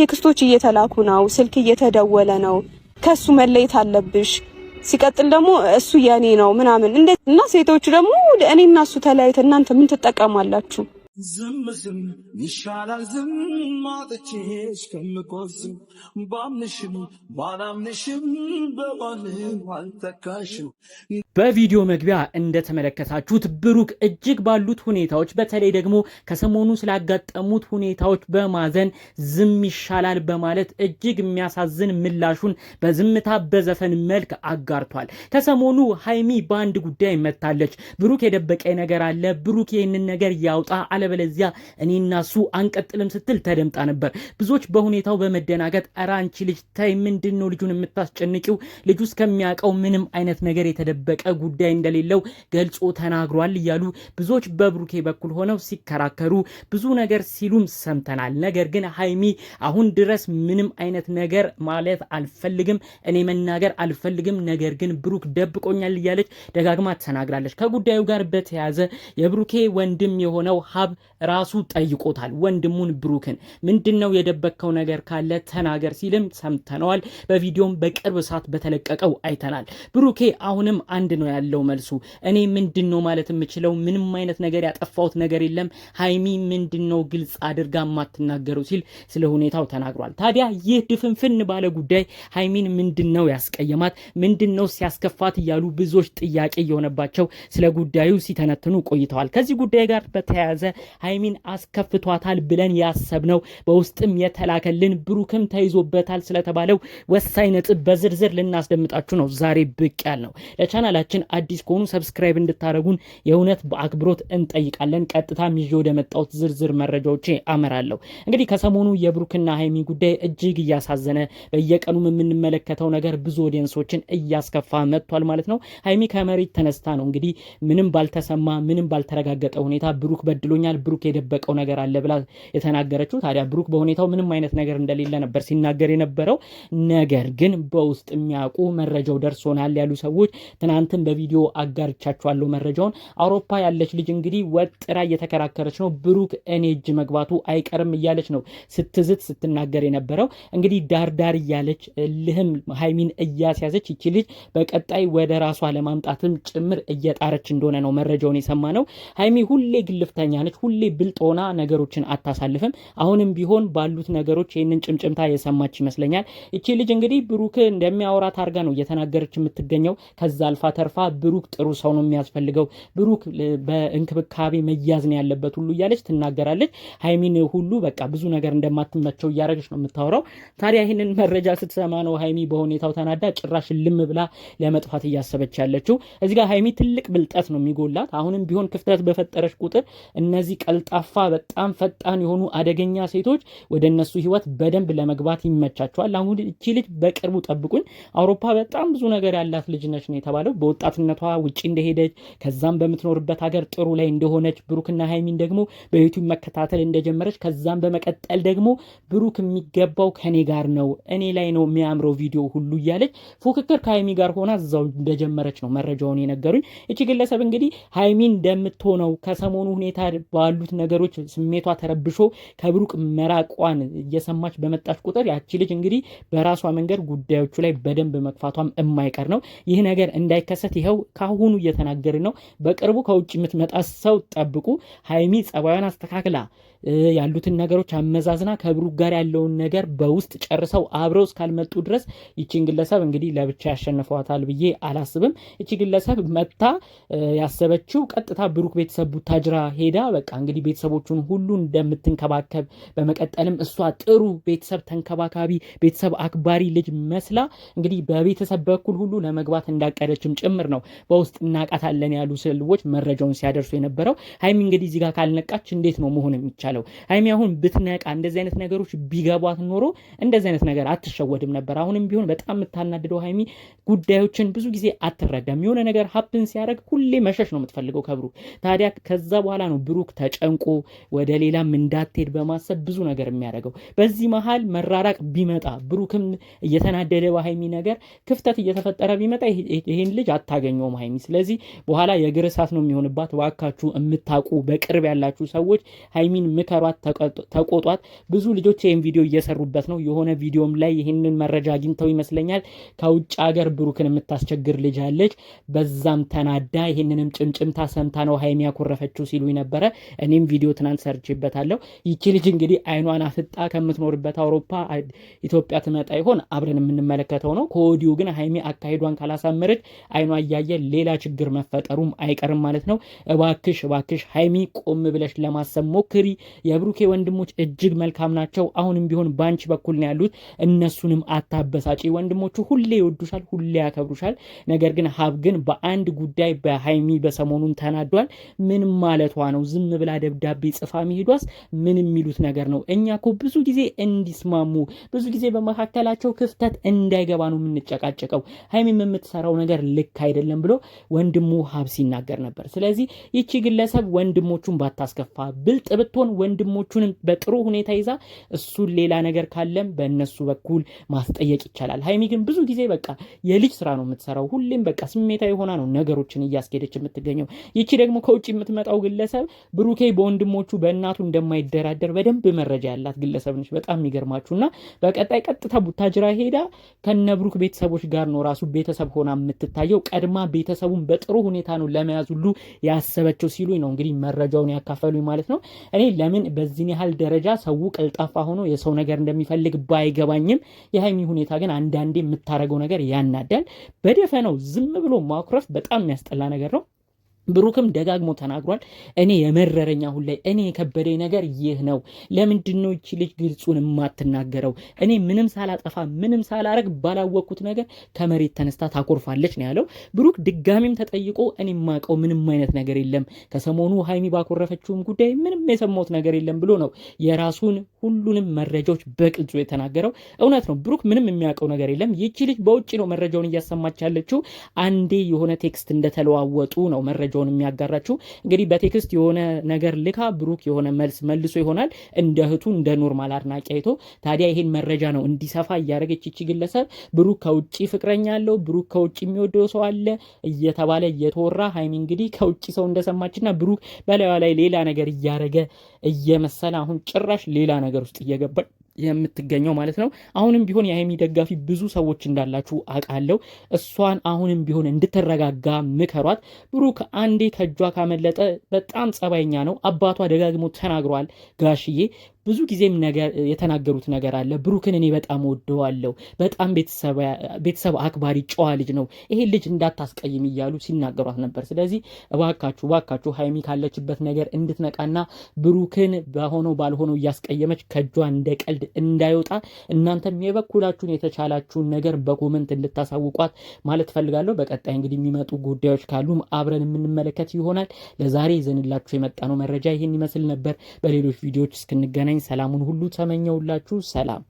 ቴክስቶች እየተላኩ ነው፣ ስልክ እየተደወለ ነው። ከሱ መለየት አለብሽ። ሲቀጥል ደግሞ እሱ የኔ ነው ምናምን እና ሴቶቹ ደግሞ እኔና እሱ ተለያይተ እናንተ ምን ትጠቀማላችሁ? ዝም ዝም ይሻላል ዝም ማጥቼ እስከምቆስም ባምንሽም ባላምንሽም በማንም አልተካሽም። በቪዲዮ መግቢያ እንደተመለከታችሁት ብሩክ እጅግ ባሉት ሁኔታዎች በተለይ ደግሞ ከሰሞኑ ስላጋጠሙት ሁኔታዎች በማዘን ዝም ይሻላል በማለት እጅግ የሚያሳዝን ምላሹን በዝምታ በዘፈን መልክ አጋርቷል። ከሰሞኑ ሀይሚ በአንድ ጉዳይ መታለች። ብሩክ የደበቀ ነገር አለ፣ ብሩክ ይህንን ነገር ያውጣ አለ አለበለዚያ እኔና እሱ አንቀጥልም ስትል ተደምጣ ነበር። ብዙዎች በሁኔታው በመደናገጥ ኧረ አንቺ ልጅ ተይ፣ ምንድን ነው ልጁን የምታስጨንቂው? ልጁ እስከሚያውቀው ምንም አይነት ነገር የተደበቀ ጉዳይ እንደሌለው ገልጾ ተናግሯል እያሉ ብዙዎች በብሩኬ በኩል ሆነው ሲከራከሩ ብዙ ነገር ሲሉም ሰምተናል። ነገር ግን ሀይሚ አሁን ድረስ ምንም አይነት ነገር ማለት አልፈልግም፣ እኔ መናገር አልፈልግም፣ ነገር ግን ብሩክ ደብቆኛል እያለች ደጋግማ ተናግራለች። ከጉዳዩ ጋር በተያያዘ የብሩኬ ወንድም የሆነው ሀብ ራሱ ጠይቆታል ወንድሙን ብሩክን። ምንድን ነው የደበቅከው ነገር ካለ ተናገር ሲልም ሰምተነዋል። በቪዲዮም በቅርብ ሰዓት በተለቀቀው አይተናል። ብሩኬ አሁንም አንድ ነው ያለው መልሱ። እኔ ምንድን ነው ማለት የምችለው? ምንም አይነት ነገር ያጠፋሁት ነገር የለም። ሀይሚ ምንድን ነው ግልጽ አድርጋ የማትናገረው ሲል ስለ ሁኔታው ተናግሯል። ታዲያ ይህ ድፍንፍን ባለ ጉዳይ ሀይሚን ምንድን ነው ያስቀየማት? ምንድን ነው ሲያስከፋት? እያሉ ብዙዎች ጥያቄ እየሆነባቸው ስለ ጉዳዩ ሲተነትኑ ቆይተዋል። ከዚህ ጉዳይ ጋር በተያያዘ ሀይሚን አስከፍቷታል ብለን ያሰብነው በውስጥም የተላከልን ብሩክም ተይዞበታል ስለተባለው ወሳኝ ነጥብ በዝርዝር ልናስደምጣችሁ ነው ዛሬ ብቅ ያል ነው። ለቻናላችን አዲስ ከሆኑ ሰብስክራይብ እንድታደረጉን የእውነት በአክብሮት እንጠይቃለን። ቀጥታም ይዤ ወደ መጣሁት ዝርዝር መረጃዎች አመራለሁ። እንግዲህ ከሰሞኑ የብሩክና ሀይሚ ጉዳይ እጅግ እያሳዘነ በየቀኑም የምንመለከተው ነገር ብዙ ኦዲየንሶችን እያስከፋ መጥቷል ማለት ነው። ሀይሚ ከመሬት ተነስታ ነው እንግዲህ ምንም ባልተሰማ ምንም ባልተረጋገጠ ሁኔታ ብሩክ በድሎኛል ይመስለኛል ብሩክ የደበቀው ነገር አለ ብላ የተናገረችው። ታዲያ ብሩክ በሁኔታው ምንም አይነት ነገር እንደሌለ ነበር ሲናገር የነበረው። ነገር ግን በውስጥ የሚያውቁ መረጃው ደርሶናል ያሉ ሰዎች ትናንትን በቪዲዮ አጋርቻችኋለሁ መረጃውን። አውሮፓ ያለች ልጅ እንግዲህ ወጥራ እየተከራከረች ነው። ብሩክ እኔ እጅ መግባቱ አይቀርም እያለች ነው ስትዝት ስትናገር የነበረው። እንግዲህ ዳርዳር እያለች ልህም ሀይሚን እያስያዘች ይቺ ልጅ በቀጣይ ወደ ራሷ ለማምጣትም ጭምር እየጣረች እንደሆነ ነው መረጃውን የሰማ ነው። ሀይሚ ሁሌ ግልፍተኛ ነች። ሁሌ ብልጥ ሆና ነገሮችን አታሳልፍም። አሁንም ቢሆን ባሉት ነገሮች ይህንን ጭምጭምታ የሰማች ይመስለኛል። እቺ ልጅ እንግዲህ ብሩክ እንደሚያወራት አድርጋ ነው እየተናገረች የምትገኘው። ከዛ አልፋ ተርፋ ብሩክ ጥሩ ሰው ነው የሚያስፈልገው፣ ብሩክ በእንክብካቤ መያዝ ነው ያለበት ሁሉ እያለች ትናገራለች። ሀይሚን ሁሉ በቃ ብዙ ነገር እንደማትመቸው እያደረገች ነው የምታወራው። ታዲያ ይህንን መረጃ ስትሰማ ነው ሀይሚ በሁኔታው ተናዳ ጭራሽ ልም ብላ ለመጥፋት እያሰበች ያለችው። እዚጋ ሀይሚ ትልቅ ብልጠት ነው የሚጎላት። አሁንም ቢሆን ክፍተት በፈጠረች ቁጥር እነዚህ እነዚህ ቀልጣፋ፣ በጣም ፈጣን የሆኑ አደገኛ ሴቶች ወደ እነሱ ህይወት በደንብ ለመግባት ይመቻቸዋል። አሁን እቺ ልጅ በቅርቡ ጠብቁኝ። አውሮፓ በጣም ብዙ ነገር ያላት ልጅ ነች ነው የተባለው። በወጣትነቷ ውጭ እንደሄደች ከዛም በምትኖርበት ሀገር ጥሩ ላይ እንደሆነች ብሩክና ሀይሚን ደግሞ በዩቱብ መከታተል እንደጀመረች ከዛም በመቀጠል ደግሞ ብሩክ የሚገባው ከኔ ጋር ነው እኔ ላይ ነው የሚያምረው ቪዲዮ ሁሉ እያለች ፉክክር ከሀይሚ ጋር ሆና እዛው እንደጀመረች ነው መረጃውን የነገሩኝ። እቺ ግለሰብ እንግዲህ ሀይሚን እንደምትሆነው ከሰሞኑ ሁኔታ ባሉት ነገሮች ስሜቷ ተረብሾ ከብሩክ መራቋን እየሰማች በመጣች ቁጥር ያቺ ልጅ እንግዲህ በራሷ መንገድ ጉዳዮቹ ላይ በደንብ መግፋቷም የማይቀር ነው። ይህ ነገር እንዳይከሰት ይኸው ካሁኑ እየተናገር ነው። በቅርቡ ከውጭ የምትመጣ ሰው ጠብቁ። ሀይሚ ጸባዩን አስተካክላ ያሉትን ነገሮች አመዛዝና ከብሩክ ጋር ያለውን ነገር በውስጥ ጨርሰው አብረው እስካልመጡ ድረስ ይቺ ግለሰብ እንግዲህ ለብቻ ያሸንፈዋታል ብዬ አላስብም። ይቺ ግለሰብ መታ ያሰበችው ቀጥታ ብሩክ ቤተሰብ ቡታጅራ ሄዳ በቃ እንግዲህ ቤተሰቦቹን ሁሉ እንደምትንከባከብ በመቀጠልም እሷ ጥሩ ቤተሰብ ተንከባካቢ፣ ቤተሰብ አክባሪ ልጅ መስላ እንግዲህ በቤተሰብ በኩል ሁሉ ለመግባት እንዳቀደችም ጭምር ነው በውስጥ እናቃታለን ያሉ ሰዎች መረጃውን ሲያደርሱ የነበረው። ሀይሚ እንግዲህ እዚህ ካልነቃች እንዴት ነው መሆን የሚቻል? የቻለው። ሀይሚ አሁን ብትነቃ እንደዚህ አይነት ነገሮች ቢገቧት ኖሮ እንደዚህ አይነት ነገር አትሸወድም ነበር። አሁንም ቢሆን በጣም የምታናድደው ሀይሚ ጉዳዮችን ብዙ ጊዜ አትረዳም። የሆነ ነገር ሀፕን ሲያደርግ ሁሌ መሸሽ ነው የምትፈልገው ከብሩክ። ታዲያ ከዛ በኋላ ነው ብሩክ ተጨንቆ ወደ ሌላም እንዳትሄድ በማሰብ ብዙ ነገር የሚያደርገው። በዚህ መሀል መራራቅ ቢመጣ ብሩክም እየተናደደ በሀይሚ ነገር ክፍተት እየተፈጠረ ቢመጣ ይህን ልጅ አታገኘውም ሀይሚ። ስለዚህ በኋላ የእግር እሳት ነው የሚሆንባት። እባካችሁ የምታውቁ በቅርብ ያላችሁ ሰዎች ሀይሚን ምከሯት፣ ተቆጧት። ብዙ ልጆች ይህን ቪዲዮ እየሰሩበት ነው። የሆነ ቪዲዮም ላይ ይህንን መረጃ አግኝተው ይመስለኛል ከውጭ ሀገር ብሩክን የምታስቸግር ልጅ አለች፣ በዛም ተናዳ ይህንንም ጭምጭምታ ሰምታ ነው ሀይሚ ያኮረፈችው ሲሉ ነበረ። እኔም ቪዲዮ ትናንት ሰርችበታለሁ። ይቺ ልጅ እንግዲህ አይኗን አፍጣ ከምትኖርበት አውሮፓ ኢትዮጵያ ትመጣ ይሆን አብረን የምንመለከተው ነው። ከወዲሁ ግን ሀይሚ አካሄዷን ካላሳመረች አይኗ እያየ ሌላ ችግር መፈጠሩም አይቀርም ማለት ነው። እባክሽ እባክሽ ሀይሚ ቆም ብለሽ ለማሰብ ሞክሪ። የብሩኬ ወንድሞች እጅግ መልካም ናቸው። አሁንም ቢሆን ባንቺ በኩል ነው ያሉት። እነሱንም አታበሳጪ። ወንድሞቹ ሁሌ ይወዱሻል፣ ሁሌ ያከብሩሻል። ነገር ግን ሀብ ግን በአንድ ጉዳይ በሀይሚ በሰሞኑን ተናዷል። ምን ማለቷ ነው? ዝም ብላ ደብዳቤ ጽፋ መሄዷስ ምን የሚሉት ነገር ነው? እኛ እኮ ብዙ ጊዜ እንዲስማሙ ብዙ ጊዜ በመካከላቸው ክፍተት እንዳይገባ ነው የምንጨቃጨቀው። ሀይሚም የምትሰራው ነገር ልክ አይደለም ብሎ ወንድሙ ሀብ ሲናገር ነበር። ስለዚህ ይቺ ግለሰብ ወንድሞቹን ባታስከፋ ብልጥ ብትሆን ወንድሞቹን በጥሩ ሁኔታ ይዛ እሱን ሌላ ነገር ካለም በእነሱ በኩል ማስጠየቅ ይቻላል። ሀይሚ ግን ብዙ ጊዜ በቃ የልጅ ስራ ነው የምትሰራው። ሁሌም በቃ ስሜታዊ ሆና ነው ነገሮችን እያስኬደች የምትገኘው። ይቺ ደግሞ ከውጭ የምትመጣው ግለሰብ ብሩኬ በወንድሞቹ በእናቱ እንደማይደራደር በደንብ መረጃ ያላት ግለሰብ ነች። በጣም የሚገርማችሁ እና በቀጣይ ቀጥታ ቡታጅራ ሄዳ ከነብሩክ ቤተሰቦች ጋር ነው ራሱ ቤተሰብ ሆና የምትታየው። ቀድማ ቤተሰቡን በጥሩ ሁኔታ ነው ለመያዝ ሁሉ ያሰበችው ሲሉኝ ነው እንግዲህ መረጃውን ያካፈሉኝ ማለት ነው እኔ ለምን በዚህን ያህል ደረጃ ሰው ቀልጣፋ ሆኖ የሰው ነገር እንደሚፈልግ ባይገባኝም የሀይሚ ሁኔታ ግን አንዳንዴ የምታደርገው ነገር ያናዳል። በደፈናው ዝም ብሎ ማኩረፍ በጣም የሚያስጠላ ነገር ነው። ብሩክም ደጋግሞ ተናግሯል። እኔ የመረረኝ አሁን ላይ እኔ የከበደኝ ነገር ይህ ነው። ለምንድን ነው ይቺ ልጅ ግልጹን የማትናገረው? እኔ ምንም ሳላጠፋ ምንም ሳላረግ ባላወቅኩት ነገር ከመሬት ተነስታ ታኮርፋለች ነው ያለው። ብሩክ ድጋሚም ተጠይቆ እኔ የማውቀው ምንም አይነት ነገር የለም፣ ከሰሞኑ ሀይሚ ባኮረፈችውም ጉዳይ ምንም የሰማሁት ነገር የለም ብሎ ነው የራሱን ሁሉንም መረጃዎች በቅጹ የተናገረው። እውነት ነው ብሩክ ምንም የሚያውቀው ነገር የለም። ይቺ ልጅ በውጭ ነው መረጃውን እያሰማች ያለችው። አንዴ የሆነ ቴክስት እንደተለዋወጡ ነው መረጃ መረጃውን የሚያጋራችሁ እንግዲህ በቴክስት የሆነ ነገር ልካ ብሩክ የሆነ መልስ መልሶ ይሆናል እንደ እህቱ እንደ ኖርማል አድናቂ አይቶ ታዲያ ይሄን መረጃ ነው እንዲሰፋ እያደረገች ይቺ ግለሰብ ብሩክ ከውጭ ፍቅረኛ አለው ብሩክ ከውጭ የሚወደው ሰው አለ እየተባለ እየተወራ ሀይሚ እንግዲህ ከውጭ ሰው እንደሰማችና ብሩክ በላዩ ላይ ሌላ ነገር እያደረገ እየመሰለ አሁን ጭራሽ ሌላ ነገር ውስጥ እየገባች የምትገኘው ማለት ነው። አሁንም ቢሆን የሀይሚ ደጋፊ ብዙ ሰዎች እንዳላችሁ አውቃለሁ። እሷን አሁንም ቢሆን እንድትረጋጋ ምከሯት። ብሩክ አንዴ ከእጇ ካመለጠ በጣም ጸባይኛ ነው። አባቷ ደጋግሞ ተናግሯል ጋሽዬ ብዙ ጊዜም የተናገሩት ነገር አለ። ብሩክን እኔ በጣም ወደዋለሁ፣ በጣም ቤተሰብ አክባሪ ጨዋ ልጅ ነው፣ ይሄ ልጅ እንዳታስቀይም እያሉ ሲናገሯት ነበር። ስለዚህ እባካችሁ እባካችሁ ሀይሚ ካለችበት ነገር እንድትነቃና ብሩክን በሆነው ባልሆነው እያስቀየመች ከእጇ እንደ ቀልድ እንዳይወጣ እናንተም የበኩላችሁን የተቻላችሁን ነገር በኮመንት እንድታሳውቋት ማለት ትፈልጋለሁ በቀጣይ እንግዲህ የሚመጡ ጉዳዮች ካሉም አብረን የምንመለከት ይሆናል። ለዛሬ ይዘንላችሁ የመጣ ነው መረጃ ይህን ይመስል ነበር። በሌሎች ቪዲዮዎች እስክንገናኝ ነኝ። ሰላሙን ሁሉ ተመኘውላችሁ። ሰላም